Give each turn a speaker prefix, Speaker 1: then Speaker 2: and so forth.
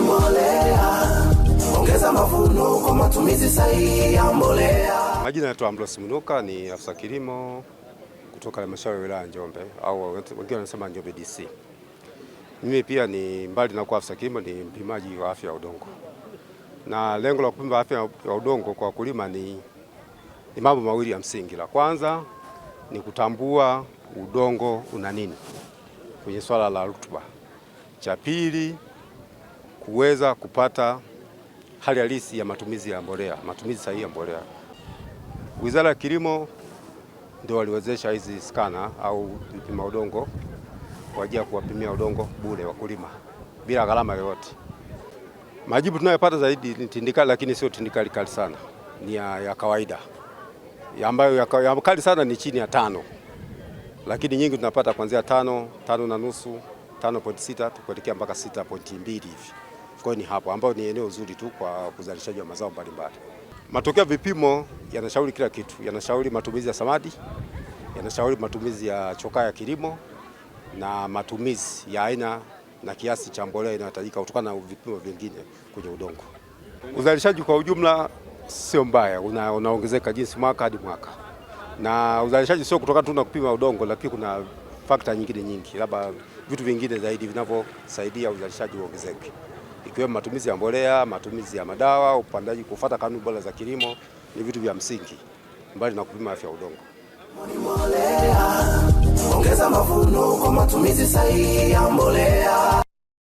Speaker 1: mbolea. Ongeza mavuno kwa matumizi sahihi ya mbolea. Majina naitwa Ambrose Mwinuka, ni afisa kilimo kutoka halmashauri ya wilaya Njombe, au wengine wanasema Njombe DC. Mimi pia ni mbali na kuwa afisa kilimo, ni mpimaji wa afya ya udongo, na lengo la kupima afya ya udongo kwa wakulima ni, ni mambo mawili ya msingi. La kwanza ni kutambua udongo una nini kwenye swala la rutuba. Cha pili kuweza kupata hali halisi ya matumizi ya mbolea, matumizi sahihi ya mbolea. Wizara ya Kilimo ndio waliwezesha hizi skana au vipima udongo kwa ajili ya kuwapimia udongo bure wakulima bila gharama yoyote. Majibu tunayopata zaidi ni tindikali, lakini sio tindikali kali sana, ni ya, ya kawaida ya ambayo ya, ya kali sana ni chini ya tano, lakini nyingi tunapata kuanzia tano, tano na nusu, tano point sita kuelekea mpaka sita point mbili hivi kwao ni hapo ambayo ni eneo zuri tu kwa kuzalishaji wa mazao mbalimbali. Matokeo ya vipimo yanashauri kila kitu, yanashauri matumizi ya samadi, yanashauri matumizi ya chokaa ya kilimo na matumizi ya aina na kiasi cha mbolea inayohitajika kutokana na vipimo vingine kwenye udongo. Uzalishaji kwa ujumla sio mbaya, una, jinsi mwaka hadi mwaka, na uzalishaji sio kutokana tu na kupima udongo, lakini kuna fakta nyingine nyingi, labda vitu vingine zaidi vinavyosaidia uzalishaji uongezeke ikiwemo matumizi ya mbolea, matumizi ya madawa, upandaji, kufuata kanuni bora za kilimo ni vitu vya msingi, mbali na kupima afya ya udongo. Ongeza mavuno kwa matumizi sahihi ya mbolea.